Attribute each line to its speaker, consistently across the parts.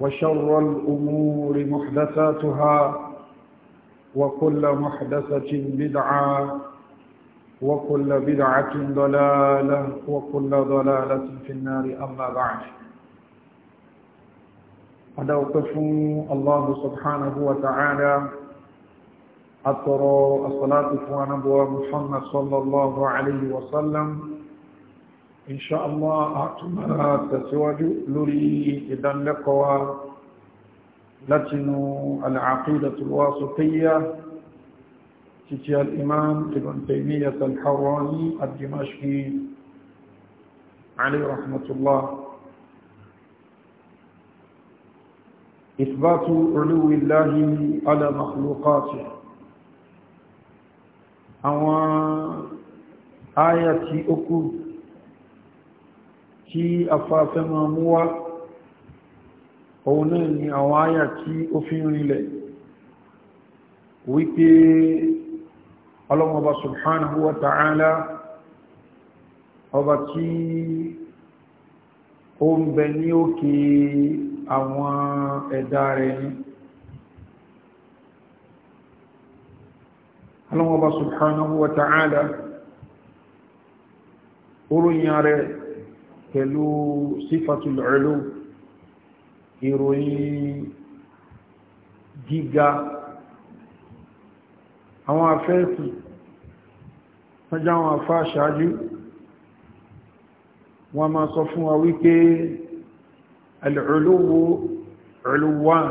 Speaker 1: وشر الأمور محدثاتها وكل محدثة بدعة وكل بدعة ضلالة وكل ضلالة في النار أما بعد أدوقف الله سبحانه وتعالى أطر الصلاة ونبوة محمد صلى الله عليه وسلم insha Allah àtúmọ̀ tẹ̀síwájú lórí ìdánlẹ́kọ̀ọ́wà látinú al-aqidatul wasitiyyah títí al-imam ibn Taymiyyah al-Harrani ad-Dimashqi alayhi rahmatullah إثبات علو الله على مخلوقاته àwọn آية أكد tí afáfẹ́ máa mú wá òun náà ni àwọn àyà tí ó fi ń rinlẹ̀ wípé ọlọ́mọba subhanahu wa ta'ala ọba tí ó ń bẹ ní òkè àwọn ẹ̀dá rẹ̀ ni ọlọ́mọba subhanahu wa ta'ala oróyìn rẹ̀ pẹ̀lú sífàtul ulu ìròyìn gíga àwọn afẹ́ẹ̀sì tọ́já àwọn afá ṣáájú wọ́n máa sọ fún wa wípé al'uluwu uluwan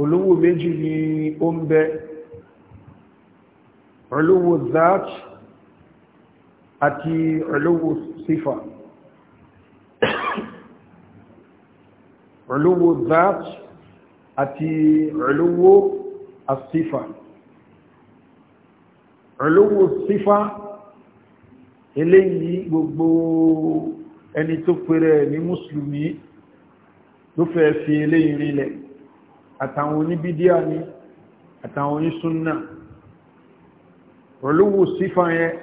Speaker 1: olówó méjì ni ó ń bẹ uluwu zaati àti ọlọ́wọ́ sífà ọlọ́wọ́ zaat àti ọlọ́wọ́ asífà ọlọ́wọ́ sífà eléyìí gbogbo ẹni tó pèrè ní mùsùlùmí ló fẹ́ fi eléyìí rinlẹ̀ àtàwọn oníbídíà ni àtàwọn onísúnnà ọlọ́wọ́ sífà yẹn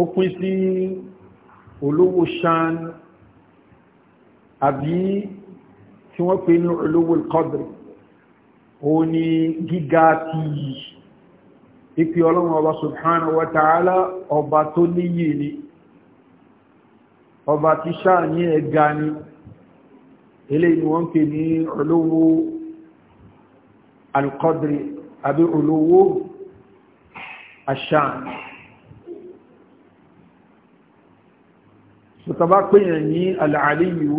Speaker 1: ó pín sí olówó ṣan àbí tí wọ́n pè ní olówó kọ́dìrì ó ní gíga ti ipi ọlọ́run ọba subhanahu wa ta'ala ọba tó níyì ni ọba tí ṣáà ní ẹ̀ga ni eléyìí wọ́n pè ní olówó alkọ́dìrì àbí olówó aṣáà sọ̀tàbá pèèyàn ní alàálìyù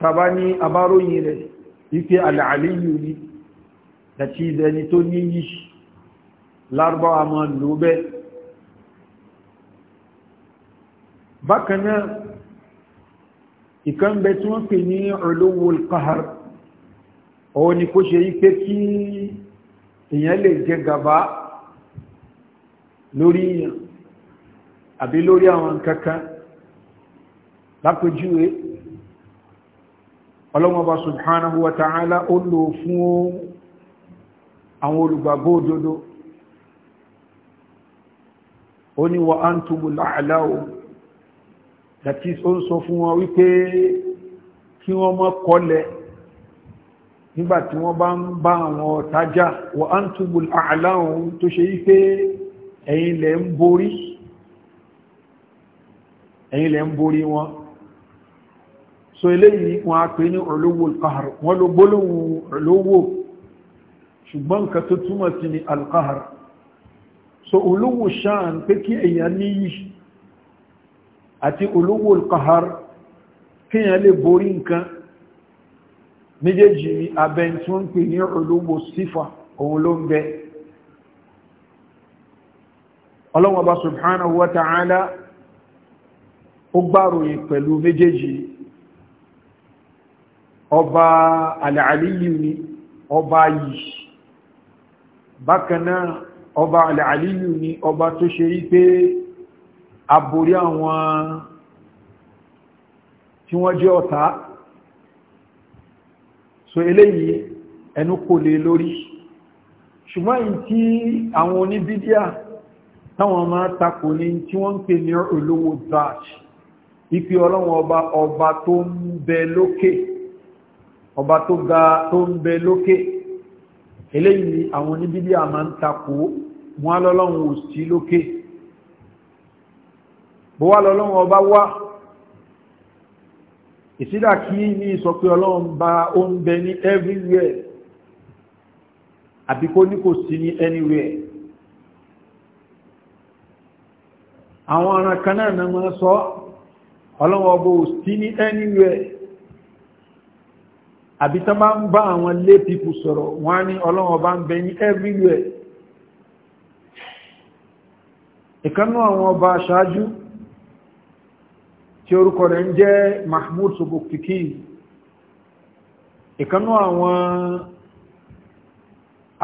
Speaker 1: tàbá ní abáróyìn rẹ̀ wípé alàálìyù ní àti ìdẹni tó ní yìí lárúbá àmà ló bẹ́ bákanáà ìkànbẹ̀ tí wọ́n pè ní olówó kahar ọwọ́ ni kó ṣe wípé kí èèyàn lè jẹ gàbá lórí èèyàn àbí lórí àwọn kankan lápójúwé ọlọ́mọba subhanahu wa ta'ala ó lò fún àwọn olùgbàgbọ́ òdodo ó ní wa antumul a'laun that is ó ń sọ fún wọn wípé kí wọ́n mọ́ kọlẹ̀ nígbàtí wọ́n bá ń bá àwọn ọ̀tájá wa antumul a'laun tó ṣe wípé ẹ̀yin lẹ ń borí ẹ̀yin lẹ ń borí wọn so eléyìí wọn a pè ní olówó alkahar wọn ló gbólóhùn olówó ṣùgbọ́n nǹkan tó túmọ̀ sí ni alkahar so olówó ṣáàn pé kí èèyàn níyì àti olówó alkahar kí èèyàn lè borí nǹkan méjèèjì abẹ́ tí pè ní olówó sífà òun ló ń bẹ́ẹ̀ ọlọ́wọ́ bá subhanahu wa ta'ala ó gbáròyìn pẹ̀lú méjèèjì ọba alàálíyù ni ọba yìí bákanáà ọba alàálíyù ni ọba tó ṣe rí pé aborí àwọn tí wọ́n jẹ́ ọ̀tá so eléyìí ẹnu kò lè lórí ṣùgbọ́n yìí tí àwọn oníbídíà táwọn máa takò ní tí wọ́n ń pè ní olówó dash ipi ọlọ́run ọba ọba tó ń bẹ lókè ọba tó ga tó ń bẹ lókè eléyìí àwọn oníbíbí àmà ń takò wọn lọ́lọ́run ò sí lókè bó wá lọ́lọ́run ọba wá ìsídà kí ní sọ pé ọlọ́run bá ó ń bẹ ní everywhere àbí kó ní kò sí ní anywhere àwọn aràn kan náà máa sọ ọ́ ọlọ́wọ́ ọgbọ́ òsì ní anywhere àbí tán bá ń bá àwọn lé pípù sọ̀rọ̀ wọ́n á ní ọlọ́wọ́ bá ń bẹ ní everywhere ọba aṣáájú tí orúkọ rẹ̀ ń jẹ́ Mahmud Subukiki ìkanú àwọn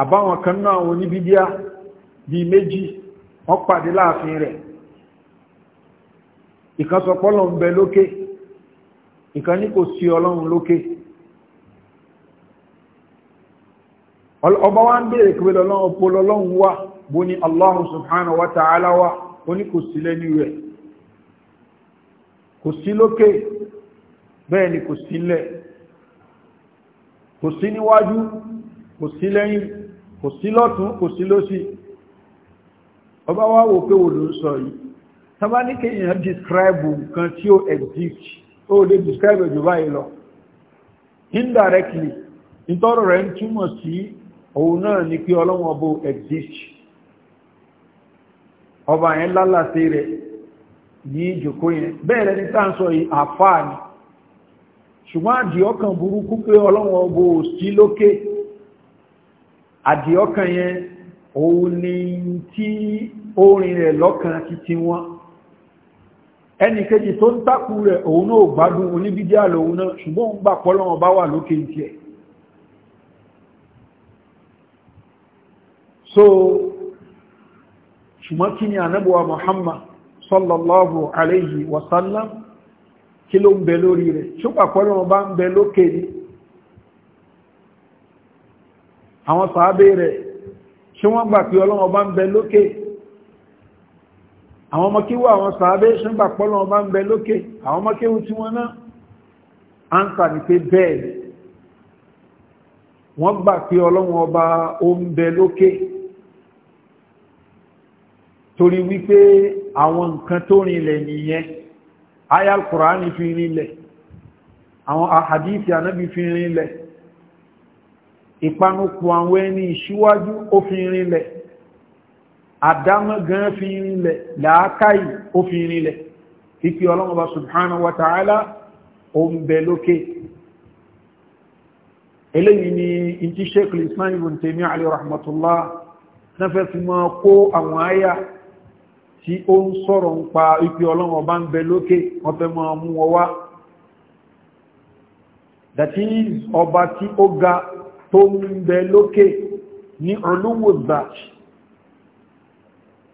Speaker 1: àbáwọn kanú àwọn bíi méjì wọ́n pàdé láàfin ìkan sọ pé Ọlọ́run ń bẹ lókè ìkan ní kò sí ọlọ́run lókè ọba wa ń bèèrè pé lọ́lọ́run wà bó ní subhanahu wa ta'ala wà ó ní kò sí rẹ̀ kò sí lókè bẹ́ẹ̀ ni kò sí lẹ̀ kò sí níwájú kò sí lẹ́yìn kò tàbá ní kí èèyàn describe nǹkan tí ó exist ó lè describe jù báyìí lọ indirectly ìtọ́rọ̀ rẹ̀ ń túmọ̀ sí òun náà ni pé ọlọ́wọ́n ọbọ̀ exist ọba yẹn lálàsí rẹ̀ ní ìjòkó yẹn bẹ́ẹ̀rẹ̀ ní tàǹsọ̀ yìí àfáà ni ṣùgbọ́n àdìọ́kàn burúkú pé ọlọ́wọ́n ọbọ̀ sí lókè àdìọ́kàn yẹn òun ni tí orin rẹ̀ lọ́kàn títí wọn ẹni kejì tó ń takú rẹ̀ òun náà gbádùn oníbídíà lòun náà ṣùgbọ́n òun gbà wà lókè so ṣùgbọ́n kí ni ànábọ̀wà Muhammad sallallahu alayhi wa sallam kí ló ń bẹ lórí rẹ̀ ṣùgbà pọ́lọ́wọ́n bá ń bẹ lókè ní àwọn rẹ̀ gbà àwọn ọmọ kíwọ́ àwọn sàábé ṣúgbà pọ́lọ̀ ọba ń bẹ lókè àwọn ọmọ kíwọ́ tí wọ́n náà ánsà ní pé bẹ́ẹ̀ wọ́n gbà pé ọlọ́run ọba ó ń bẹ lókè torí wípé àwọn nǹkan tó rinlẹ̀ nìyẹn ayal kùránì fi rinlẹ̀ àwọn àhàdíìsì anábì fi rinlẹ̀ ìpanupọ̀ àwọn ẹni ìṣíwájú ó fi rinlẹ̀ àdámọ́ gan fi rinlẹ̀ láákàí ó fi rinlẹ̀ ìpí ọlọ́mọba subhanahu wa ta'ala o ń bẹ lókè eléyìí ni in ti sheikul islam ibn temi alayhi rahmatullah na fẹ́ fi mọ́ kó àwọn àyà tí ó ń sọ̀rọ̀ ń pa ìpí ọlọ́mọba ń bẹ lókè wọ́n fẹ́ mọ́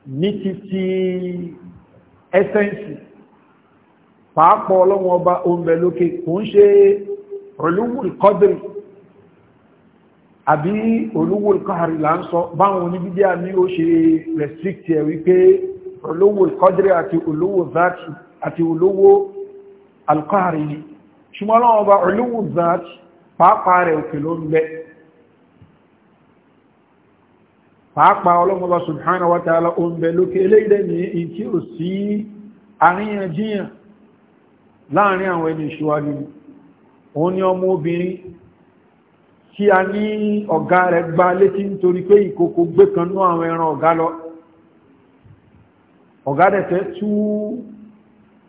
Speaker 1: ní ti ti ẹsẹ́ǹsì pàápọ̀ ọlọ́wọ́n ọba oúnbẹ̀ lókè kò ń ṣe olúwùlkọ́dìrì àbí olúwùlkọ́hàrì là ń sọ báwọn oníbídí àmì ó ṣe restrict ẹ̀ wípé olúwùlkọ́dìrì àti olúwùzáàtì àti olówó alkọ́hàrì ni ṣùgbọ́n ọlọ́wọ́n ọba olúwùzáàtì pàápàá rẹ̀ òkè ló pàápàá ọlọ́mọba subhanahu wa ta'ala oúnbẹ lókè eléyìí ní in tí sí àríyànjiyàn láàrin àwọn ẹni ìṣíwájú òun ni ọmọ obìnrin tí a ní ọ̀gá rẹ̀ gba létí nítorí pé ìkòkò gbé kan ní àwọn ẹran ọ̀gá lọ ọ̀gá fẹ́ tú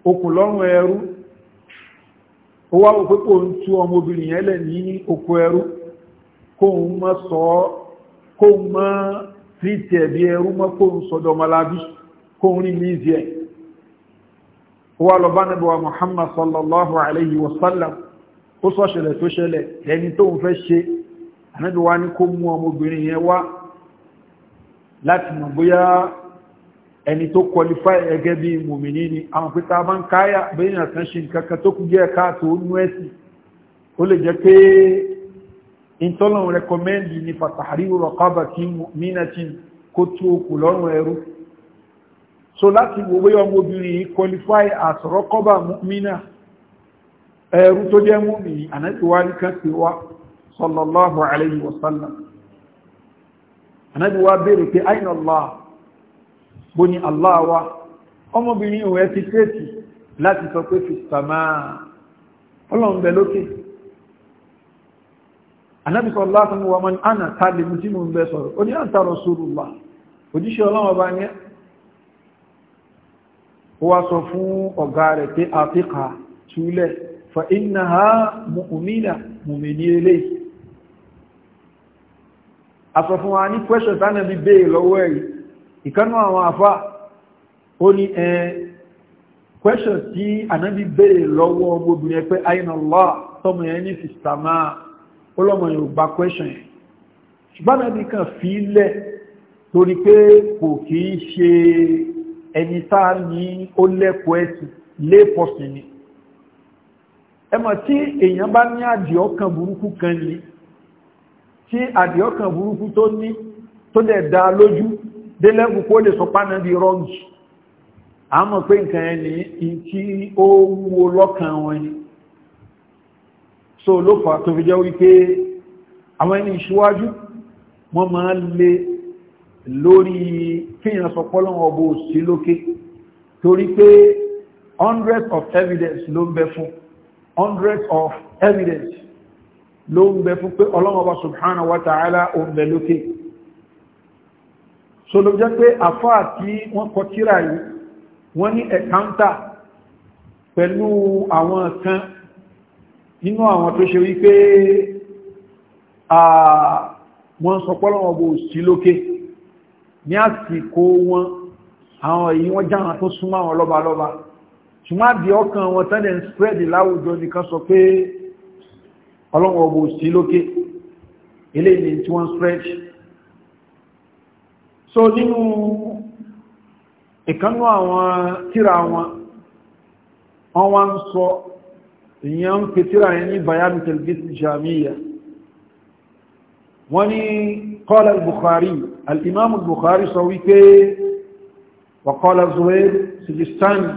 Speaker 1: okùn lọ́rùn ẹrú ó wá wò tírítì ẹ̀bí ẹrú mọ́ kó ń sọ́dọ̀ ọmọlábí kó ń rí míìzì ẹ̀ ó wá lọ bá nàbí wa muhammad sallallahu alayhi wa sallam ó sọ ṣẹlẹ̀ tó ṣẹlẹ̀ ẹni tó ń fẹ́ ṣe ànábì wa ní kó mú ọmọbìnrin yẹn wá láti mọ̀ bóyá ẹni tó qualify ẹgẹ́ bí mùmìnì ni àwọn pẹ́ta bá ń káyà bẹ́yìn àkànṣe nǹkan tó kú jẹ́ káàtó nú ẹ̀sìn ó lè jẹ́ pé ìtọ́lọ̀un rẹ̀kọ́mẹ́ndì ní fàtàrí rọ̀kábà tí mínà tí kó tó okù lọ́rùn ẹrú so láti wòwé ọmọ obìnrin qualify as rọ́kọ́bà mínà ẹrú tó jẹ́ mú mi ànábíwá ní kan ti wá sallallahu alayhi wa sallam ànábíwá bèèrè pé aina Allah bó ni Allah wa ọmọbìnrin òun ọlọ́run bẹ lókè anábì sallallahu alaihi wa man ana tàbí mú tí mo ń bẹ sọ̀rọ̀ ó ní àǹtà rasulullah òjíṣẹ́ ọlọ́wọ́ bá yẹn ó wá sọ fún ọ̀gá rẹ̀ pé àfíkà túlẹ̀ fa iná ha mu'mina mu'mini ilé àsọ fún wa ní kwẹ́ṣọ̀ tánàbí bèèrè lọ́wọ́ ẹ̀rí ìkánú ọlọ́mọ yóò gba question yẹn ṣùgbọ́n nàbí kan fi lẹ̀ torí pé kò kì í ṣe ẹni tá ní ó lẹ́kọ̀ọ́ ẹ̀sìn lépọ̀sìn ni ẹmọ̀ tí èèyàn bá ní àdìọ́kàn burúkú kan ní tí àdìọ́kàn burúkú tó ní tó dẹ̀ dá lójú délẹ́gù kó lè sọ di rọ́ǹgì àmọ́ pé nǹkan ẹni tí ó wúwo lọ́kàn wọn ni so ló fà tó fi jẹ́ wípé àwọn ẹni ìṣíwájú wọ́n máa lè lórí kíyàn sọ pọ́lọ́wọ́ sí lókè torí pé hundreds of evidence ló ń bẹ fún hundreds of evidence ló ń bẹ fún pé ọlọ́wọ́ba subhanahu wa ta'ala o ń bẹ lókè so ló jẹ́ pé àfáà tí wọ́n kọ tíra yìí wọ́n ní ẹ̀káńtà pẹ̀lú àwọn kan nínú àwọn tó ṣe wípé wọ́n sọ pọ́lọ́wọ́n bó sí lókè ní àsìkò wọn àwọn èyí wọ́n jáwọn tó súnmọ́ àwọn lọ́balọ́ba ṣùgbọ́n àbí ọkàn wọn tẹ́lẹ̀ ń spread láwùjọ nìkan sọ pé ọlọ́wọ́n bó sí lókè eléyìí tí wọ́n spread so nínú ìkánú àwọn tíra wọn wọ́n wá ń sọ ìyẹn ń pè tíra yẹn ní bayani talbis jamiya wọ́n ní qala al-bukhari al-imam al-bukhari sọ wípé wa qala zuhair sijistani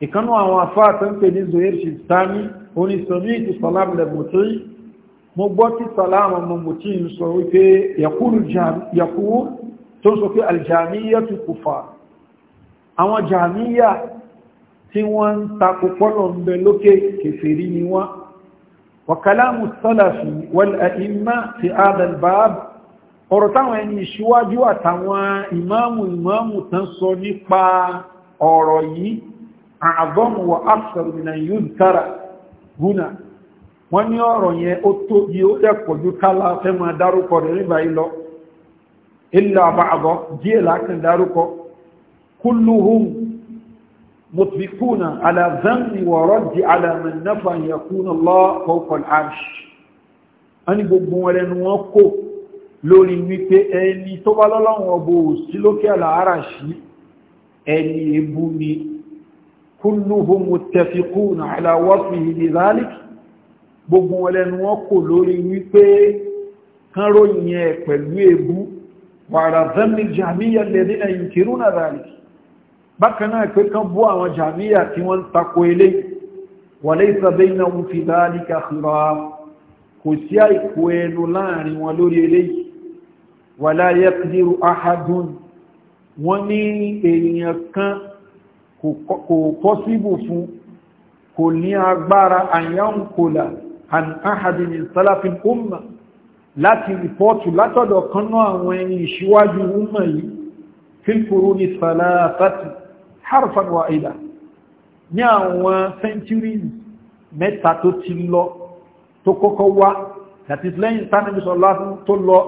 Speaker 1: ìkanú àwọn afáàtà ń pè ní zuhair sijistani onísọ̀rí ti salam lẹ́bùtí mo gbọ́ tí salam ọmọ sọ wípé yakuru tó sọ pé aljamiya tu kufa àwọn jamiya tí wọ́n ń takò pọ́lọ̀ ń bẹ lókè kèfèrí ni wọ́n wàkàlámù sálàfì wàl'àìmá ti adalbab ọ̀rọ̀ táwọn ẹni ìṣíwájú àtàwọn ìmáàmù ìmáàmù tán sọ nípa ọ̀rọ̀ yìí àádọ́mù wà áfẹ́rùnà yóò tara gúnà wọ́n ní ọ̀rọ̀ yẹn ó tó bí ó dẹ̀pọ̀ ju kálá fẹ́ máa dárúkọ rẹ̀ nígbà yìí lọ ilẹ̀ àbáàbọ̀ díẹ̀ lákàn dárúkọ kúlùhùn مطبقون على ذنب ورد على من نفى يكون الله فوق العرش ani gbogbo wọn lẹ́nu wọn kò lórí wípé ẹni tó bá lọ́lọ́wọ́ bó sí lókè àlàárà sí ẹni ebú ni kúlùhù mọ̀tẹ̀fikú na aláwọ́fì ìdíláàlìkì gbogbo wọn lẹ́nu wọn kò lórí wípé kánròyìn ẹ pẹ̀lú ebú wàrà zẹ́mì jàmíyà lẹ́dínà ìkìrúnà ràlìkì bákan náà pé kán bú àwọn jàmíyà tí wọ́n takò ilé wà laysa baynahum fi dhalika khilaf kò sí àìkò ẹnu láàrin wọn lórí ilé wala yaqdiru ahadun wọ́n ní èèyàn kan kò pọ́síbù fún kò ní agbára àyànkòlà an ahadi umma láti rìpọ́tù látọ̀dọ̀ kan náà àwọn ẹni ìṣíwájú umma yìí fil quruni salafati harfan wahida ní àwọn centuries mẹ́ta tó ti lọ tó kọ́kọ́ wá that is lẹ́yìn tánàbí sọ́lá tó lọ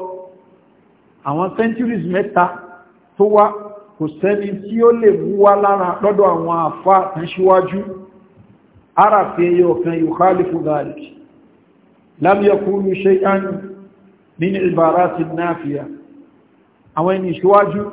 Speaker 1: àwọn centuries mẹ́ta tó wá kò sẹ́ni tí ó lè mú wá lára lọ́dọ̀ àwọn àfá tán ara fi ẹyọ kan yukhalifu dhalik lam yakulu shay'an min ibarati nafiya àwọn ẹni síwájú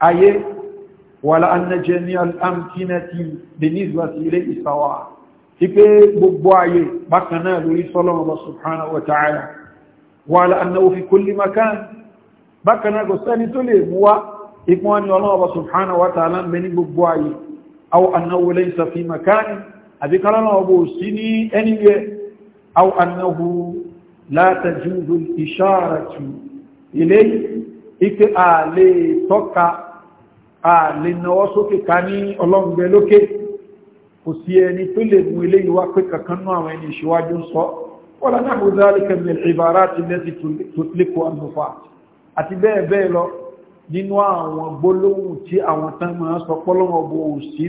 Speaker 1: ayé wàlá annajẹ ní al'amkinati benizwa sí ilé ìsàwà tí pé gbogbo ayé bákan náà lórí sọ́lọ́mọ̀bá subhanahu wa ta'ala wàlá annáwó fi kulli makan bákan náà gọ̀sẹ́ni tó lè múwá ikmọ́ ni ọlọ́mọ̀bá subhanahu wa ta'ala mẹ́ ní gbogbo ayé aw annáwó lè sàfi makani àbíkálọ́lọ́mọ̀bá sí ní ẹni yẹ aw annáwó látàjú ìṣàràtù ilé ike àlè tọ́ka a lè náwọ́ sókè ká ní ọlọ́gbẹ lókè kò sí ẹni tó lè mú ilé ìwá pé kankan náà àwọn ẹni ìṣíwájú ń sọ wọ́la náà kò záàlì kẹmìlì ìbára ti lẹ́sì tó lékò àlùfà àti bẹ́ẹ̀ bẹ́ẹ̀ lọ nínú àwọn gbólóhùn tí àwọn tán máa sọ pọ́lọ́wọ́ bò sí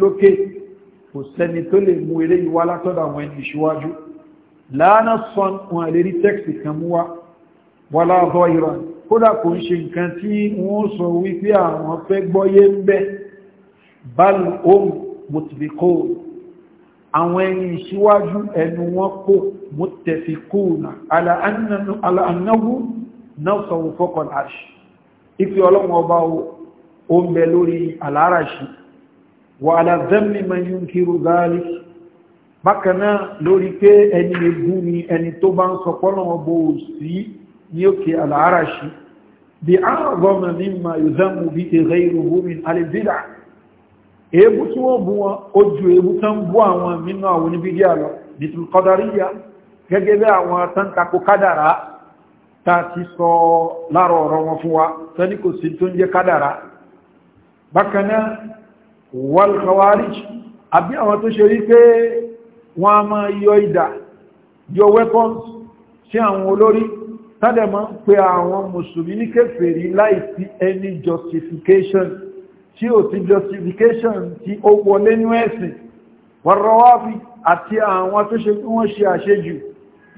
Speaker 1: lókè kò sẹ́ni tó lè mú ilé ìwá látọ́dọ̀ àwọn ẹni ìṣíwájú lánà sọ́n wọn lè rí tẹ́kì kan mú wá wà láàbọ̀ ìrọ̀ kódà kò ń ṣe nǹkan tí wọ́n sọ wípé àwọn fẹ́ gbọ́yé ń bẹ́ bal om mutbiko àwọn ẹni ìṣíwájú ẹnu wọn kò mutafikuna ala annahu náwọ̀sọ̀wò bákan náà lórí pé ẹni egún ni ẹni tó bá ń sọ pọ́nà ọgbọ́ òsì ní òkè àlàáràṣì bí àrọ̀gọ́mà mímà yóò bí ẹ̀rẹ́ ìrùhúmin alìbídà èébú tí wọ́n bú wọn ó ju èébú tán bú àwọn mínú àwọn oníbídíà lọ wal khawarij àbí àwọn tó wọ́n a máa yọ ìdà yọ weapons sí àwọn olórí tádẹ̀ máa ń pe àwọn mùsùlùmí ní kèfèrí láì sí any justification tí ò sí justification tí ó wọlé ní ẹ̀sìn wàrọwáfi àti àwọn tó ṣe wọ́n ṣe àṣejù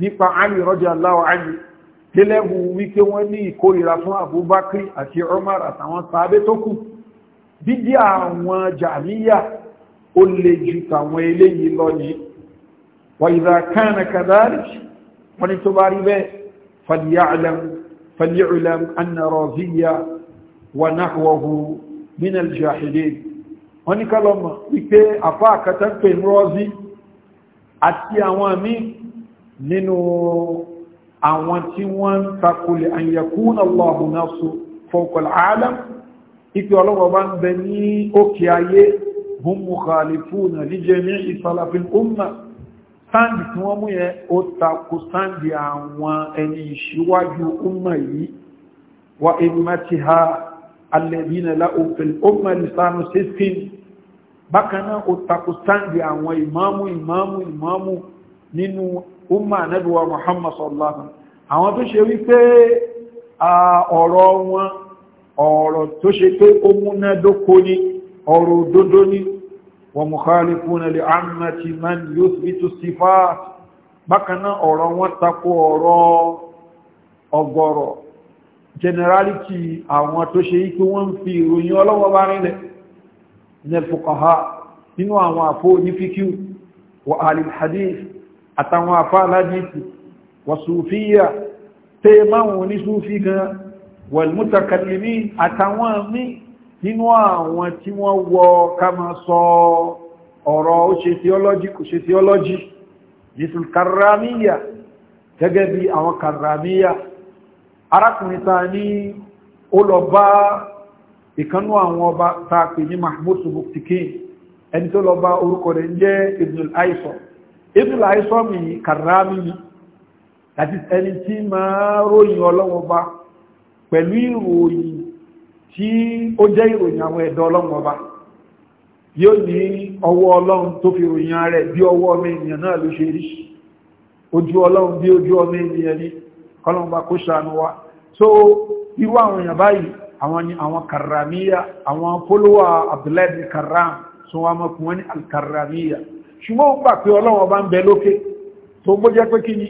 Speaker 1: nípa àmì rọ́jà aláwọ̀ àmì lélẹ́bù wípé wọ́n ní ìkórìíra fún Abubakar àti Umar àtàwọn sàábé tó kù dídí àwọn jàmíyà ó le ju tàwọn eléyìí lọ yìí وإذا كان كذلك ونتباري به فليعلم فليعلم أن رازية ونحوه من الجاحدين ونكلم ويكي أفاك تنفهم رازي àti àwọn àmì nínú àwọn tí wọ́n ń takulẹ̀ àyẹ̀kún Allahu nafsu fawqal alam ipi ọlọ́wọ́ bá ń bẹ ní òkè ayé hum mukhalifuna li jami'i salafil ummah sáàndì tí wọ́n mú yẹn ó takò sáàndì àwọn ẹni ìṣíwájú ọmọ yìí wa ìmọ̀tí ha alẹ́bìnà láòfẹ́lẹ̀ ọmọ ìsànù sísìn bákanáà ó takò sáàndì àwọn ìmáàmù ìmáàmù ìmáàmù nínú ọmọ anábíwa Muhammad sallallahu àwọn tó ṣe wípé ọ̀rọ̀ wọn ọ̀rọ̀ tó ṣe pé ومخالفون لعامة من يثبت الصفات بكنا أورا واتقوا أورا أغورا generality àwọn tó ṣe ikú wọ́n fi ìròyìn ọlọ́wọ́ bá rílẹ̀ nẹ́fùkọ̀há nínú àwọn àfó onífíkíù wa alìlhadis àtàwọn àfá aládìsì wa sùfíyà tẹ́ máwọn onísúfí gan wal mutakallimin àtàwọn míì nínú àwọn tí wọ́n wọ ká máa sọ ọ̀rọ̀ ó ṣe theology kò ṣe theology nítorí karramiyya gẹ́gẹ́ bí àwọn karramiyya arákùnrin ta ní ó lọ bá ìkanú àwọn ọba tààpì ní mahmud subuktikin ẹni tó lọ bá orúkọ rẹ̀ jẹ́ ibn al-aisọ́ ibn al mi karrami àti ẹni tí máa ròyìn ọlọ́wọ́ bá pẹ̀lú ìròyìn tí ó jẹ́ ìròyìn àwọn ẹ̀dọ́ ọlọ́run ọba yóò ní ọwọ́ ọlọ́run tó fi ròyìn rẹ̀ bí ọwọ́ ọmọ ènìyàn náà ló ṣe rí ojú ọlọ́run bí ojú ọmọ ènìyàn rí kọlọ́run bá kó ṣàánú wa so irú àwọn èèyàn báyìí àwọn ni àwọn karramiya àwọn pólówà abdullahi bin karram tó wá mọ́ fún wọn ní alkarramiya ṣùgbọ́n ó gbà pé ọlọ́run ọba ń bẹ lókè tó gbójẹ́ pé kí ni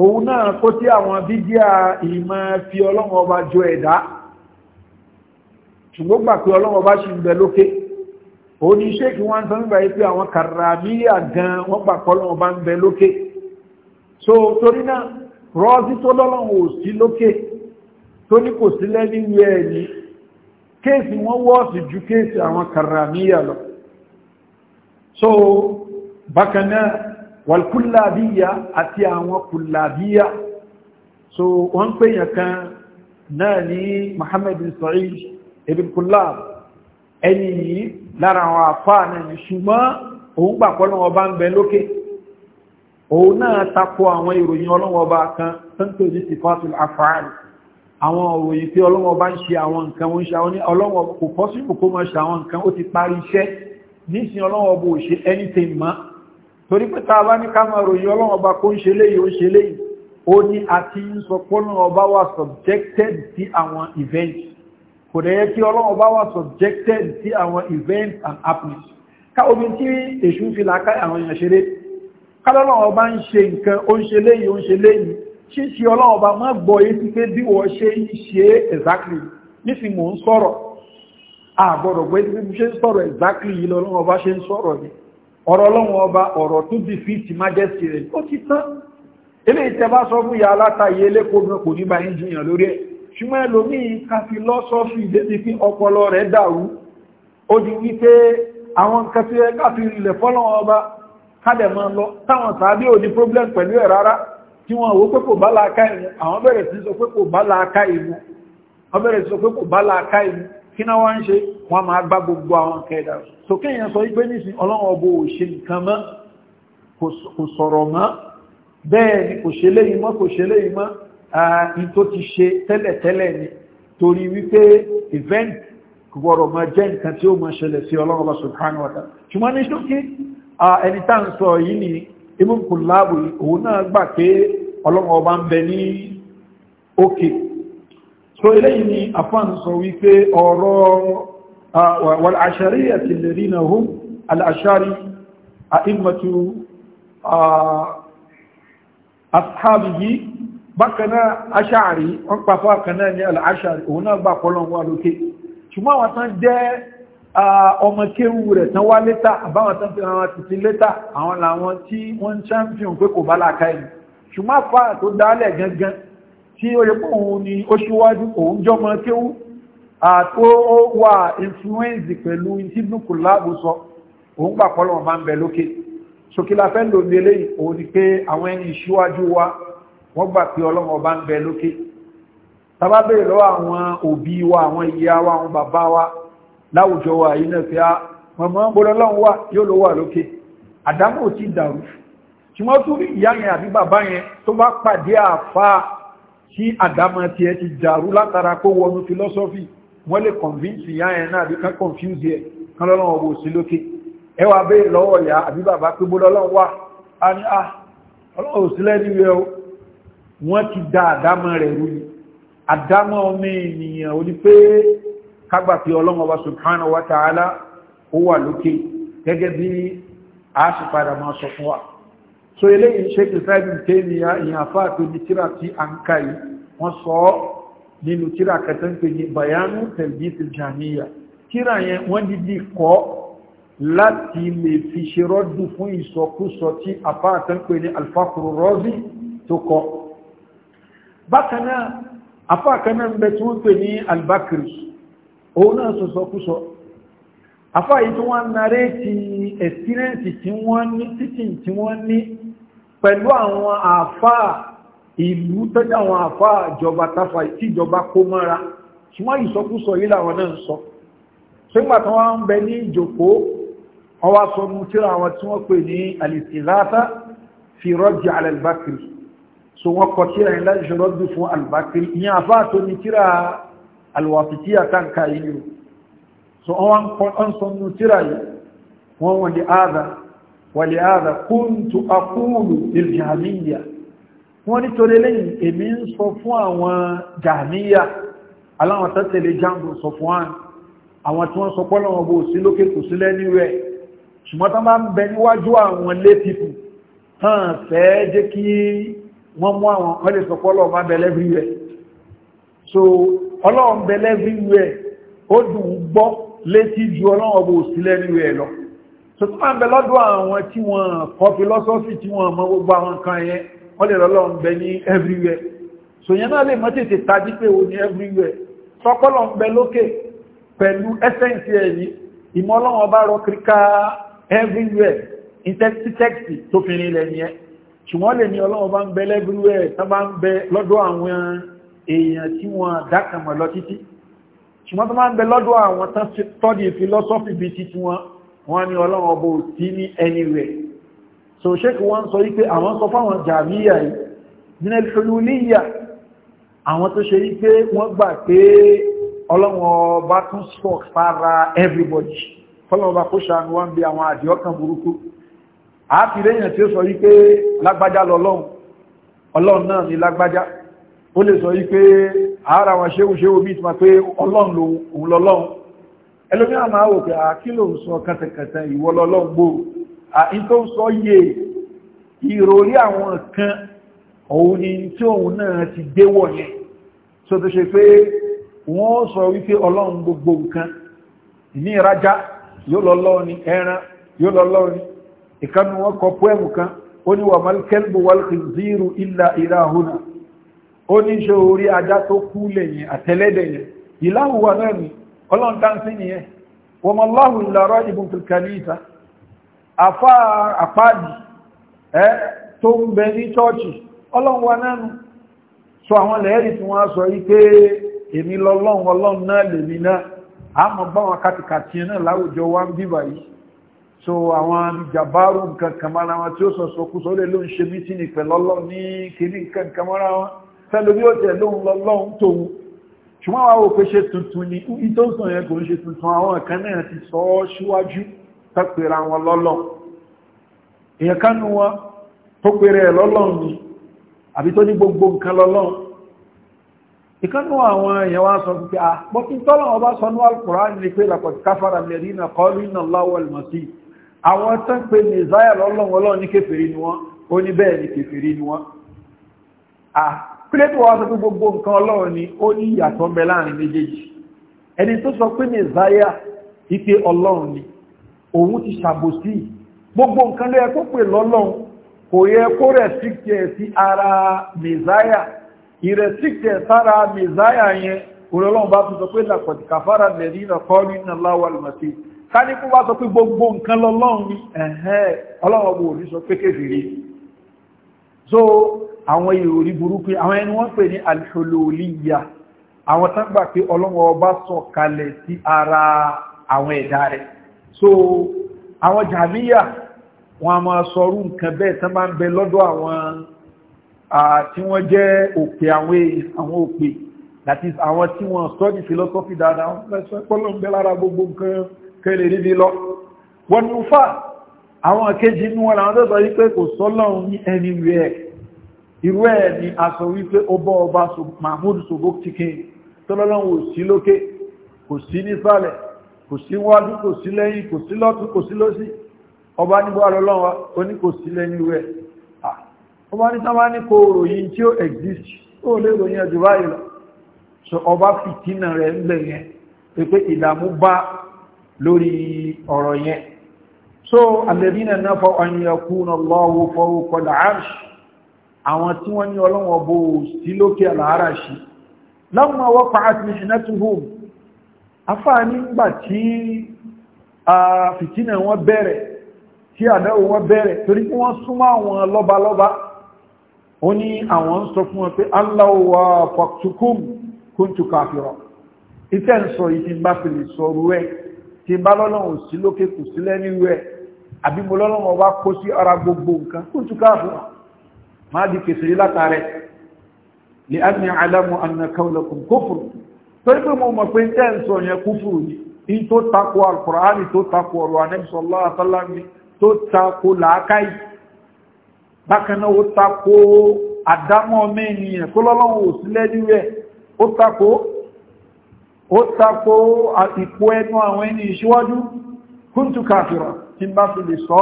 Speaker 1: òun náà kó sí àwọn bídíà ìmọ̀ fi ọlọ́run ọba jọ ẹ̀dá ṣùgbọ́n gbà pé ọlọ́wọ́ bá ṣì ń bẹ lókè òun ni iṣẹ́ kí wọ́n ń sanúgbà yìí pé àwọn kàràmíyà gan wọ́n gbà pé ọlọ́wọ́ bá ń bẹ lókè so torí náà rọ́ọ̀sí tó lọ́lọ́wọ́ ò sí lókè tó ní kò sí lẹ́ni wí ẹ̀ ní kéèsì wọ́n wọ́ọ̀sì ju kéèsì àwọn kàràmíyà lọ so bákan náà wàlkúlàbíyà àti àwọn kùlàbíyà so wọ́n pèèyàn kan náà ní Muhammad bin Sa'id ebi kula ẹni yìí lára àwọn àfáà náà ni ṣùgbọ́n òun gbà pé Ọlọ́run Ọba ń bẹ lókè òun náà tako àwọn ìròyìn Ọlọ́run Ọba kan tó ń pè ní sifatul af'al àwọn òròyìn tí Ọlọ́run Ọba ń ṣe àwọn nǹkan ó ṣe àwọn Ọlọ́run kò fọ́ kó máa ṣe àwọn nǹkan ó ti parí iṣẹ́ nísìn Ọlọ́run Ọba ṣe anything mọ́ torí pé tá a bá ní ká máa ròyìn Ọlọ́run Ọba kó ń ṣe léyìí ó ń ṣe léyìí ó ní àti ń sọ pé Ọba wà subjected sí àwọn events kò dẹ̀ yẹ kí ọlọ́run bá wà subjected sí àwọn events and happenings káwọ́bí tí èṣù fi làákà àwọn èèyàn ṣeré kálọ́lọ́run bá ń ṣe nǹkan ó ń ṣe léyìí ó ń ṣe léyìí ṣíṣe ọlọ́run bá má gbọ́ yé sí pé bí wọ́n ṣe ń ṣe exactly nísìnyí mò ń sọ̀rọ̀ àgbọ̀dọ̀ pé bí mo ṣe ń sọ̀rọ̀ exactly yìí lọ́lọ́run ọba ṣe ń sọ̀rọ̀ ni ọ̀rọ̀ ọlọ́run ọba ọ̀rọ̀ tó di fi ti majesty rẹ̀ ó ti tán eléyìí tẹ bá sọ fún ìyá aláta lórí ẹ̀ ṣùgbọ́n ẹlòmíì ká fi lọ́sọ́fì débi fi ọpọlọ rẹ̀ dàrú ó di wípé àwọn nǹkan tí ẹ ká fi rilẹ̀ fọ́lọ́wọ́ ọba kádẹ̀ máa lọ táwọn tàbí ò ní problem pẹ̀lú ẹ̀ rárá tí wọ́n wó pé kò bá láàká ìmú àwọn bẹ̀rẹ̀ sí sọ pé kò bá láàká ìmú wọ́n bẹ̀rẹ̀ sí sọ pé kò bá láàká ìmú kí náà wọ́n ń ṣe wọ́n máa gbá gbogbo àwọn kẹ́ẹ̀dà sókè yẹn sọ wípé nísìn ọlọ́run ọbọ̀ ò ṣe nǹkan mọ́ kò sọ̀rọ̀ mọ́ bẹ́ẹ̀ ni kò ṣe léyìn mọ́ kò ṣe léyìn mọ́ ní tó ti ṣe tẹ́lẹ̀tẹ́lẹ̀ ni torí wípé event gbọ́dọ̀ máa jẹ́ nǹkan tí ó máa ṣẹlẹ̀ sí ọlọ́run ọba subhanahu wa ta'ala ṣùgbọ́n ní ṣókí ẹni tá ń sọ yìí ni imú kùnláàbù òun náà gbà pé ọlọ́run ọba ń bẹ ní òkè so eléyìí ni afán sọ wípé ọ̀rọ̀ wal ashariyati alladhina hum al ashari a'immatu ashabihi bákaná aṣáàrí wọ́n pàfà kaná ní aláṣáàrí òun náà gbà pọ́lọ̀ wà lókè ṣùgbọ́n àwọn tán jẹ́ ọmọ kéwù rẹ̀ tán wá létà àbáwọn tán fi àwọn títí létà àwọn làwọn tí wọ́n champion pé kò bá láàká yìí ṣùgbọ́n àfà tó dálẹ̀ gangan tí ó yẹ pọ̀hún ni ó ṣíwájú òun jọmọ kéwù àtó wà influence wọ́n gbà pé ọlọ́run ọba ń bẹ lókè tàbá bèèrè lọ́wọ́ àwọn òbí wa àwọn ìyá wa àwọn bàbá wa láwùjọ wa yìí náà fi á mọ̀mọ́ bọ́lọ́lọ́run wà yóò ló wà lókè àdámọ̀ ti dàrú ṣùgbọ́n tó rí ìyá yẹn àbí bàbá yẹn tó bá pàdé àfá tí àdámọ̀ ti ẹ ti dàrú látara kó wọnú philosophy wọ́n lè convince ìyá yẹn náà àbí kan confuse ẹ̀ kan lọ́lọ́run ọgbọ̀ sí lókè ẹwà bèèrè lọ́wọ́ ìyá àbí bàbá pé bọ́lọ́lọ́run wà á ní à ah, ọlọ́run wọ́n ti dá àdámọ́ rẹ̀ rú ni àdámọ́ ọmọ ènìyàn ó ní pé kágbà pé ọlọ́run ọba subhanahu wa ta'ala ó wà lókè gẹ́gẹ́ bí a ṣe padà máa sọ fún wa so eléyìí ṣe kì sáàbì tèmíyà ìyàn àfáà tó ní tíra tí a ń ká yìí wọ́n sọ ọ́ nínú tíra kẹta ń pè ní bayanu tẹ̀lbí ti jàmíyà tíra yẹn wọ́n dídí kọ́ láti lè fi ṣe rọ́dù fún ìsọkúsọ tí àfáà tó ń pè ní alfakuru rọ́bì tó kọ́ bákanáà afákanáà ń bẹ tí wọ́n pè ní albakiri òun náà sọ sọ kúsọ afá yìí tí wọ́n narẹ́ ti experience tí wọ́n ní títí tí wọ́n ní pẹ̀lú àwọn àfá ìlú tẹ́jà àwọn àfá ìjọba tafa ìjọba kó mọ́ra ṣùgbọ́n ìsọkúsọ yìí làwọn náà sọ ṣígbà tí wọ́n ń bẹ ní ìjòkó ọwá sọ mú tíra àwọn tí wọ́n pè ní alìsìláta fi rọ́jì alẹ́lbákiri so wọ́n kọ tíra yẹn láti ṣọ́rọ́ bí fún albakiri ní àfá tó ní tíra alwàfití àtànkà yìí o so wọ́n sọ nù tíra yìí wọ́n wọ́n di áàdà wà lè áàdà kúntù akúlù ìjàmíyà wọ́n nítorí lẹ́yìn èmi ń sọ fún àwọn jàmíyà aláwọn tẹ́tẹ̀lé jango sọ fún wọn àwọn tí wọ́n sọ pọ́ lọ́wọ́ wọ́n mú àwọn wọ́n lè sọpọ̀ ọlọ́run máa bẹ̀lẹ̀ everywhere so ọlọ́run bẹ̀lẹ̀ everywhere ó dùn gbọ́ létí ju ọlọ́run ọbọ̀ òsìlẹ̀ everywhere lọ so tó máa bẹ lọ́dọ̀ àwọn tí wọ́n kọ́ philosophy tí wọ́n mọ gbogbo àwọn kan yẹn wọ́n lè lọ́lọ́run bẹ ní everywhere so yẹn náà lè mọ́ tètè tají pé o ní everywhere sọpọ́lọ̀ ń bẹ lókè pẹ̀lú essence ẹ̀ ní ìmọ̀ ọlọ́run ọba rọ kíríkà everywhere in text to text tó fi rinlẹ̀ yẹn ṣùgbọ́n lè ní ọlọ́wọ́ bá ń bẹ lẹ́gbẹ̀rẹ̀ tó bá ń bẹ lọ́dọ̀ àwọn èèyàn tí wọ́n dákàmọ̀ lọ títí ṣùgbọ́n tó bá ń bẹ lọ́dọ̀ àwọn tọ́dí philosophy bí títí wọ́n ní ọlọ́wọ́ bó tí ní anywhere so ṣékù wọ́n sọ wípé àwọn sọ fáwọn jàmíyà nínú ìfẹ́lúlíyà àwọn tó ṣe wípé wọ́n gbà everybody fọ́lọ́wọ́ bá kó ṣàánú wọn bí àwọn àáfìrẹ́ èèyàn tí ó sọ wípé lágbájá lọ́lọ́run ọlọ́run náà ni lágbájá ó lè sọ wípé ara wọn ṣéwú ṣéwú bí ti ma pé ọlọ́run lòun lọ́lọ́run ẹlòmí àmà wò pé àkí ló ń sọ kẹtẹkẹtẹ ìwọ lọ́lọ́run gbòòrò àyí tó ń sọ yé ni tí òun náà ti gbé wọ̀ yóò lọ́lọ́run ni ẹran yóò lọ́lọ́run ni ìkanu wọn kọ pẹ́ẹ̀mù kan ó ní wà malkelbu walkhinziru illa ilahuna ó ní ṣe orí ajá tó kú lẹ́yìn àtẹ́lẹ́dẹ̀ yẹn ìláhùwà náà ni ọlọ́run tá ń sí nìyẹn wọ́n mọ láhùn ìlàrọ̀ ìbùn kìlkàlíta afá àpáàdì ẹ tó ń bẹ ní chọ́ọ̀chì ọlọ́run wa náà nù sọ àwọn lẹ́ẹ̀rì tí wọ́n sọ yí pé èmi lọ́lọ́run ọlọ́run náà lèmi náà àmọ́ báwọn kàtìkàtì náà láwùjọ wa ń bíbà yìí so àwọn jàbárù nǹkan kàmára wọn tí ó sọ̀sọ̀ kú sọ́lẹ̀ ló ń ṣe mí sí nìpẹ̀ lọ́lọ́ ní kìíní nǹkan kàmára wọn tẹ́lú bí ó tẹ̀ lóhun lọ́lọ́hun tóhun ṣùgbọ́n wà ó pé ṣe tuntun ni ìtòsàn yẹn kò ń ṣe tuntun àwọn kan náà ti sọ ọ́ síwájú tẹ́pẹ̀rẹ̀ àwọn lọ́lọ́ èèyàn kánú wọn tó pẹ̀rẹ̀ ẹ̀ lọ́lọ́hun àwọn tán pé mẹ́sáyà lọ́lọ́wọ́ lọ́wọ́ ní kèfèrí ni wọ́n ó ní bẹ́ẹ̀ ni kèfèrí ni wọ́n ah kílẹ̀tù wọ́n sọ pé gbogbo nǹkan ọlọ́run ni ó ní ìyàtọ̀ ń bẹ láàrin méjèèjì ẹni tó sọ pé mẹ́sáyà ike ọlọ́run ni òun ti ṣàbòsí gbogbo nǹkan ló yẹ kó pè lọ́lọ́run kò yẹ kó restrict ẹ̀ sí ara mẹ́sáyà ìrestrict káni kó wá sọ pé gbogbo nǹkan lọ́lọ́run ni ẹ̀hẹ́ ọlọ́run bò ní sọ pé kéfèrè so àwọn ìròrí burúkú àwọn ẹni wọ́n pè ní alìṣòlòlíyà àwọn tán gbà pé ọlọ́run ọba sọ kalẹ̀ sí ara àwọn ẹ̀dá rẹ̀ so àwọn jàmíyà wọn a máa sọrú nǹkan bẹ́ẹ̀ tán bá ń bẹ lọ́dọ̀ àwọn tí wọ́n jẹ́ òpè àwọn àwọn òpè that is àwọn tí wọ́n study philosophy dáadáa wọ́n fẹ́ sọ pé ọlọ́run lára gbogbo nǹkan kẹlẹ̀ ríbi lọ wọ́n ní fà àwọn akéjì inú wọn làwọn tọ́tọ̀ wípé kò sọ́lọ́run ní ẹni rẹ̀ irú ẹ̀ ni a sọ wípé ó bọ́ ọba mahmoud soboktikin tọ́lọ́run ò sí lókè kò sí nísàlẹ̀ kò sí wájú kò sí lẹ́yìn kò sí lọ́tún kò sí lọ́sí ọba nígbà lọ́lọ́wọ́ oní kò sí lẹ́yìn rẹ̀ ọba ní sábà kò ròyìn tí rẹ̀ lórí ọ̀rọ̀ yẹn so alẹ́bínà náà fọ́ ọ̀yẹ̀kún lọ́wọ́ fọ́wọ́kọ́ làárṣì àwọn tí wọ́n ní ọlọ́wọ́ bó sí lókè làárṣì lọ́wọ́ wọ́pá àtìmìnàtìhùn afá nígbà tí fìtínà wọn bẹ̀rẹ̀ tí àdáwò wọn bẹ̀rẹ̀ torí kí wọ́n súnmọ́ àwọn lọ́balọ́ba ó ní àwọn ń sọ fún wọn pé aláwọ̀ fọ́tukùn sọ ìdí ẹ̀ tí bá lọ́lọ́run sí lókè kù sílẹ̀ níwẹ̀ àbí mo lọ́lọ́run ọba kó sí ara gbogbo nǹkan kó tún káàfù máa di kèsìrí látàrẹ ní àmì alámu anakaulakun kófùrù torí pé mo mọ̀ pé tẹ́ ń sọ yẹn kúfùrù ni in tó takò alkùránì tó takò ọ̀rọ̀ anẹ́bìsọ̀lá àtàlámi tó takò làákàyè bákan náà ó takò àdámọ́ mẹ́rin yẹn kó lọ́lọ́run ò sílẹ̀ níwẹ̀ ó takò ó tako ìpò ẹnu àwọn ẹni ìṣíwájú kúntù káfìrà tí bá fi lè sọ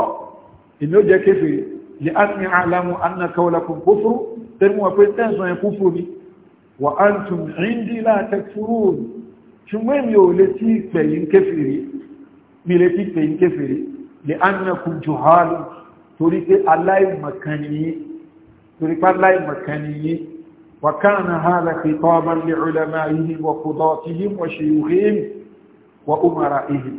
Speaker 1: ìlú jẹ́ kéfèrè lè á ní àlàmù annakaulakun kúfúrú tẹ́lú wọn pé tẹ́sàn ẹ kúfúrú ni wà á tún ríndí látẹ́ fúrú ṣùgbọ́n mi ò lè tí pẹ̀yìn kéfèrè mi وكان هذا خطابا لعلمائهم وقضاتهم وشيوخهم وأمرائهم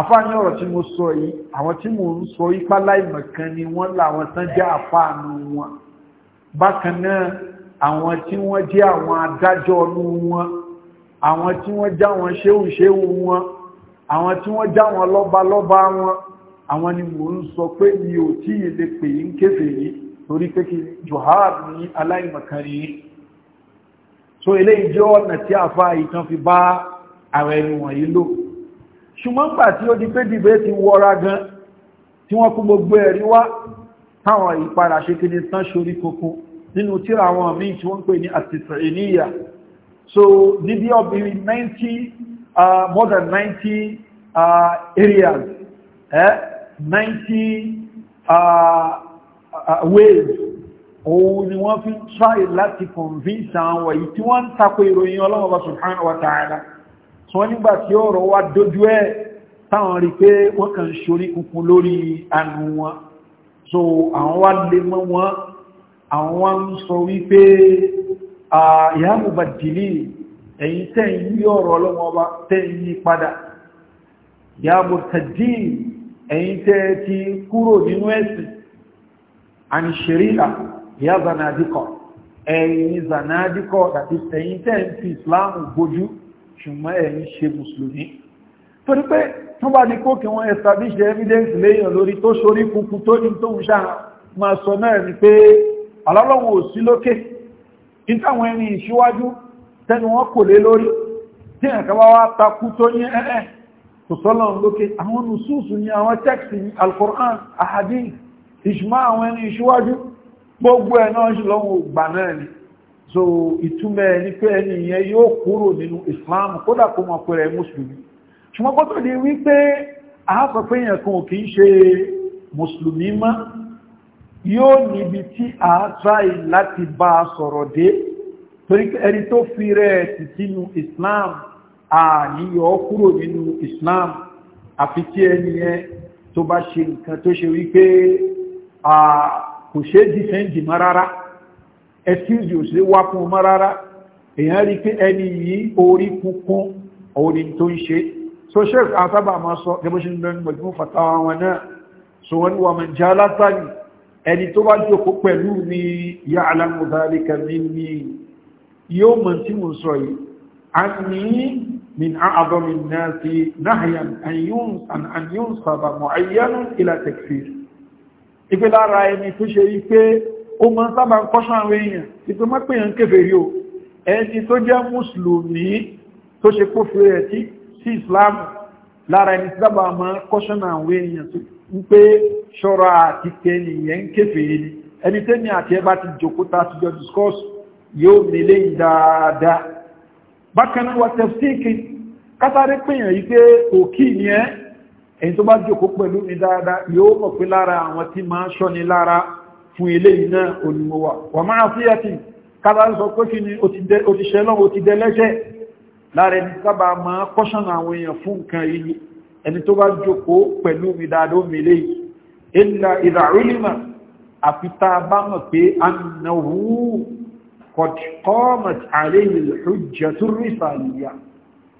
Speaker 1: àfáàní ọ̀rọ̀ tí mo sọ yìí àwọn tí mo ń sọ ipá láìmọ̀kan ni wọ́n láwọn tán jẹ́ àfáànù wọn bákan náà àwọn tí wọ́n jẹ́ àwọn adájọ́ ọlú wọn àwọn tí wọ́n já wọn ṣéhùn ṣéhùn wọn àwọn tí wọ́n já wọn lọ́balọ́ba wọn àwọn ni mo ń sọ pé mi ò tíì lè pè yín kéfèé yìí torí pé kí johar ní aláìmọ̀kànrí so ilé ìjọ ọ̀nà tí a fa ìtàn fi bá ààrẹ ẹni wọ̀nyí lò ṣùgbọ́n gbà tí ó di pé dìbẹ́ ti wọ́ra gan tí wọ́n kú gbogbo ẹ̀rí wá táwọn ìpara ṣe kí ni tán ṣorí kókó nínú tíra àwọn míì tí wọ́n pè ní àtìsàníyà so níbi ọbìnrin 90 uh, more than 90 uh, areas eh? 90 uh, ways òun ni wọ́n fi try láti convince àwọn wọ̀nyí tí wọ́n ń tako ìròyìn ọlọ́wọ́ bá subhanahu wa ta'ala tí wọ́n nígbà tí ọ̀rọ̀ wá dójú ẹ̀ táwọn rí pé wọ́n kàn ṣorí kunkun lórí ànú wọn so àwọn wá lè mọ́ wọn àwọn wá ń sọ wípé ya mubaddili ẹ̀yìn tẹ́yìn yí ọ̀rọ̀ ọlọ́wọ́ bá tẹ́yìn yí padà ya murtaddi ẹ̀yìn tẹ́ ti kúrò nínú ẹ̀sìn and sharia ya zanadiko ẹ̀yin zanadiko that is ẹ̀yin tẹ́ ń fi islam gbójú ṣùgbọ́n ẹ̀yin ṣe musulmi torí pé tó bá ní kó kí wọ́n establish evidence léyàn lórí tó ṣorí kúkú tó ní tó ń ṣá ma sọ náà ni pé alálọ́wọ̀ ò sí lókè ní táwọn ẹni ìṣíwájú tẹ́nu wọn kò lé lórí tí ẹ̀ka wá wá takú tó ní ẹ̀ẹ́ kò sọ́lọ́run ìṣùmọ́ àwọn ẹni ìṣíwájú gbogbo ẹ̀ náà ṣe lọ́wọ́ gbà náà ni so ìtumọ̀ ní pé ẹni ìyẹn yóò kúrò nínú Islam kódà kó mọ̀ pẹ̀rẹ̀ mùsùlùmí ṣùgbọ́n kó tó di wípé àápọ̀ pé èèyàn kan kì í ṣe mùsùlùmí mọ́ yóò níbi tí a tráì láti bá a sọ̀rọ̀ dé torí ẹni tó fi rẹ̀ sínú Islam àníyọ kúrò nínú Islam àfi tí ẹni yẹn tó bá ṣe nǹkan tó ṣe wípé kò ṣe dìfẹ́ǹdì mọ́ rárá excuse ò ṣe wá fún mọ́ rárá èyàn rí pé ẹni yìí orí kúnkún orí tó ń ṣe so sheik asábà máa sọ gẹbọ́ṣin lọ́nà mọ̀jú fàtàwà wọn náà so wọ́n wà mọ̀ jẹ́ alátàní ẹni tó bá jòkó pẹ̀lú ní ya alamudalika ní yóò min náà sí náà yàn an yóò mọ̀ ayyanun ila tekfir ìpé lára ẹni tó ṣe ipé ó mọ́ sábà ń kọ́ṣọ́ àwọn èèyàn ìpé mọ́pẹ̀yàn kèfèrí o ẹni tó jẹ́ mùsùlùmí tó ṣe pófì rẹ̀ sí islam lára ẹni sábà mọ́ kọ́ṣọ́ àwọn èèyàn ń ni ẹni tẹ́ni àti ẹbá ti jòkóta ti jọ discuss yóò mele dáadáa bákan náà wà tẹ̀síkì kátàrí pèèyàn yìí pé òkì ni ẹ́ ẹni tó bá jòkó pẹ̀lú mi dáadáa yóò mọ̀ pé lára àwọn tí máa ń ṣọ́ni lára fún ilé iná olùmọ̀wà wà máa sí ẹ̀tì kára sọ pé kí ni ó ti ṣẹlọ́ ó ti dẹ́lẹ́ṣẹ̀ lára ẹni sábà máa kọ́ṣọ́nà àwọn èèyàn fún nǹkan yìí ẹni tó bá jòkó pẹ̀lú mi dáadáa mi lè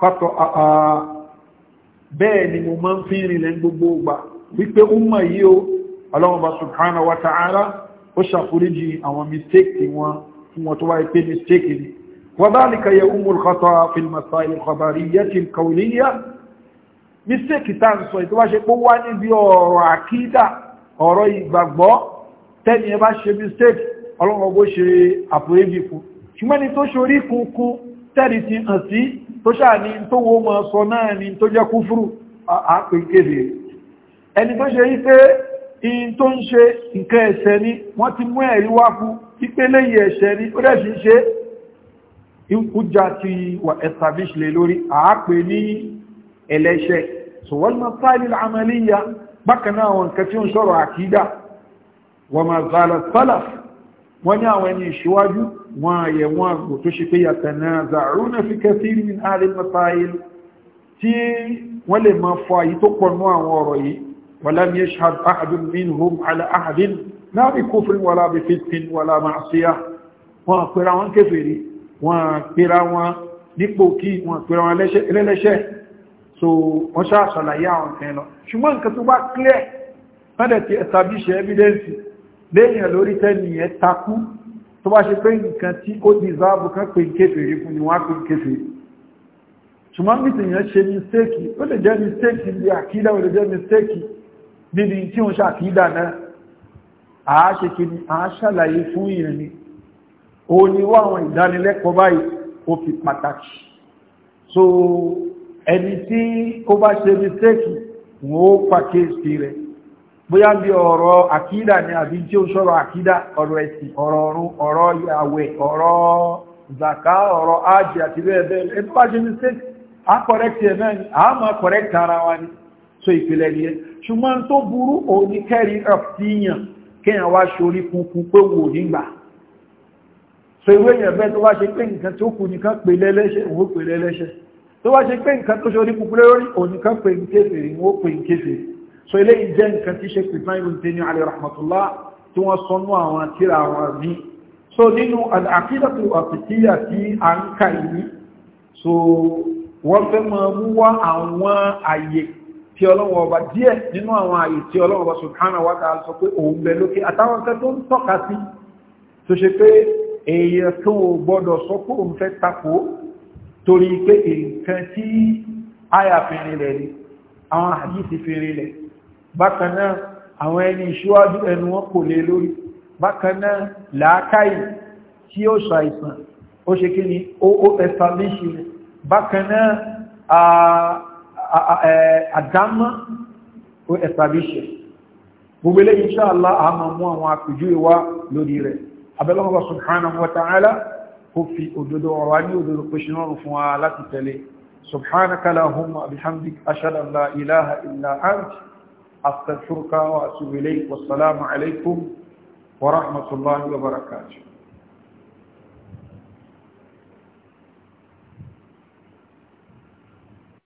Speaker 1: kọ́tọ̀ ah, ah, bẹ́ẹ̀ ni mo máa ń fi rìnlẹ̀ gbogbo ọgbà wípé ó mọ̀ yí o ọlọ́wọ́ba subhanahu wa ta'ala ó ṣàforíjì àwọn mistake wọn في المسائل الخبريه القوليه mistake tan so tó bá ṣe pọ̀ wà ní bí ọ̀rọ̀ akida ọ̀rọ̀ ìgbàgbọ́ tẹ́ni ẹ bá ṣe mistake Ọlọ́run bó ṣe approve fún ṣùgbọ́n tó ṣorí kunkun tẹ́rì ti hàn sí tó ṣà ní tó wó mọ́ sọ náà ni tó jẹ́ kúfúrú àpè kéde ẹni tó ṣe wípé in tó ń ṣe nǹkan ẹ̀ṣẹ̀ ni wọ́n ti mú ẹ̀rí wá fún ìpele yìí ẹ̀ṣẹ̀ ni ó dẹ̀ sì ń ṣe ìkújà ti wà establish lé lórí àápè ní ẹlẹ́ṣẹ̀ sọ̀wọ́n mọ́ sáàlì àmàlíyà bákan náà wọn kẹfí ń sọ̀rọ̀ àkídà wọ́n máa zàlọ̀ sálàfù wọ́n ní àwọn ẹni ìṣíwájú wọn àyẹ̀ wọn àgbò tó ṣe pé yàtànà zàrúnà fi kẹsìrì ní àrímọ̀tàíl tí wọ́n lè máa fọ àyí tó pọ̀nú àwọn ọ̀rọ̀ yìí wọ́lá mi ṣàd ahadun minhum ala ahadin wọ́n pèrà wọn kéfèrè wọ́n pèrà léèyàn lórí tẹ́nìyàn takú tó bá ṣe pé nǹkan tí ó dìzáàbù kan pè kéfèrí fún ni wọ́n pè kéfèrí ṣùgbọ́n bí tèèyàn ṣe mistéèkì ó lè jẹ́ mistéèkì bí àkídà ó lè jẹ́ mistéèkì níbi tí ó ń ṣàkídà náà àá ṣe kí ni àá ṣàlàyé fún ìrìn ni ó ní wá àwọn ìdánilẹ́kọ̀ọ́ báyìí ó fi pàtàkì so ẹni tí ó bá ṣe mistéèkì wọ́n ó pàkíyèsí rẹ̀ bóyá bí ọ̀rọ̀ àkídà ni àbí tí ó sọ̀rọ̀ àkídà ọ̀rọ̀ ẹ̀sìn ọ̀rọ̀ ọ̀run ọ̀rọ̀ ìyàwẹ̀ ọ̀rọ̀ zaka ọ̀rọ̀ ájì àti bẹ́ẹ̀ bẹ́ẹ̀ ẹni bá ṣe mistake a ni a máa correct ara wa ni so ìpìlẹ̀ nìyẹn ṣùgbọ́n tó burú òní carry up sí yàn kéèyàn wá ṣorí kunkun pé wò nígbà so ìwé yẹn bẹ́ẹ̀ tó wá ṣe pé nǹkan tó kù nìkan pè lẹ́lẹ́ṣẹ̀ òun so eléyìí jẹ́ nǹkan tí sheikh ismail tẹ́ni alẹ́ rahmatullah tí wọ́n sọnú àwọn tíra wọn ní so nínú àkídàtù àfìtíyà tí a ń ka yìí so wọ́n fẹ́ mọ mú wá àwọn àyè tí ọlọ́wọ́ ọba díẹ̀ nínú àwọn àyè tí ọlọ́wọ́ ọba subhanahu wa ta'ala sọ pé òun bẹ lókè àtàwọn nǹkan tó ń tọ́ka sí tó ṣe pé èèyàn tó gbọ́dọ̀ sọ pé òun fẹ́ tako torí pé nǹkan tí àyà fi rinlẹ̀ ni àwọn àdìsí fi rinlẹ̀ bákan náà àwọn ẹni ìṣíwájú ẹnu wọn kò lè lórí bákan náà làákàyè tí ó ṣàìsàn ó ṣe kí ni ó establish rẹ̀ bákan náà àdámọ́ ó establish rẹ̀ gbogbo ilé insha Allah àmọ́ mú àwọn àpèjú ìwá lórí rẹ̀ abẹ́lọ́wọ́ subhanahu wa ta'ala kó fi òdodo ọ̀rọ̀ ní òdodo subhanaka lahumma bihamdik ashhadu an la ilaha illa anta أستغفرك وأتوب إليك والسلام عليكم ورحمة الله وبركاته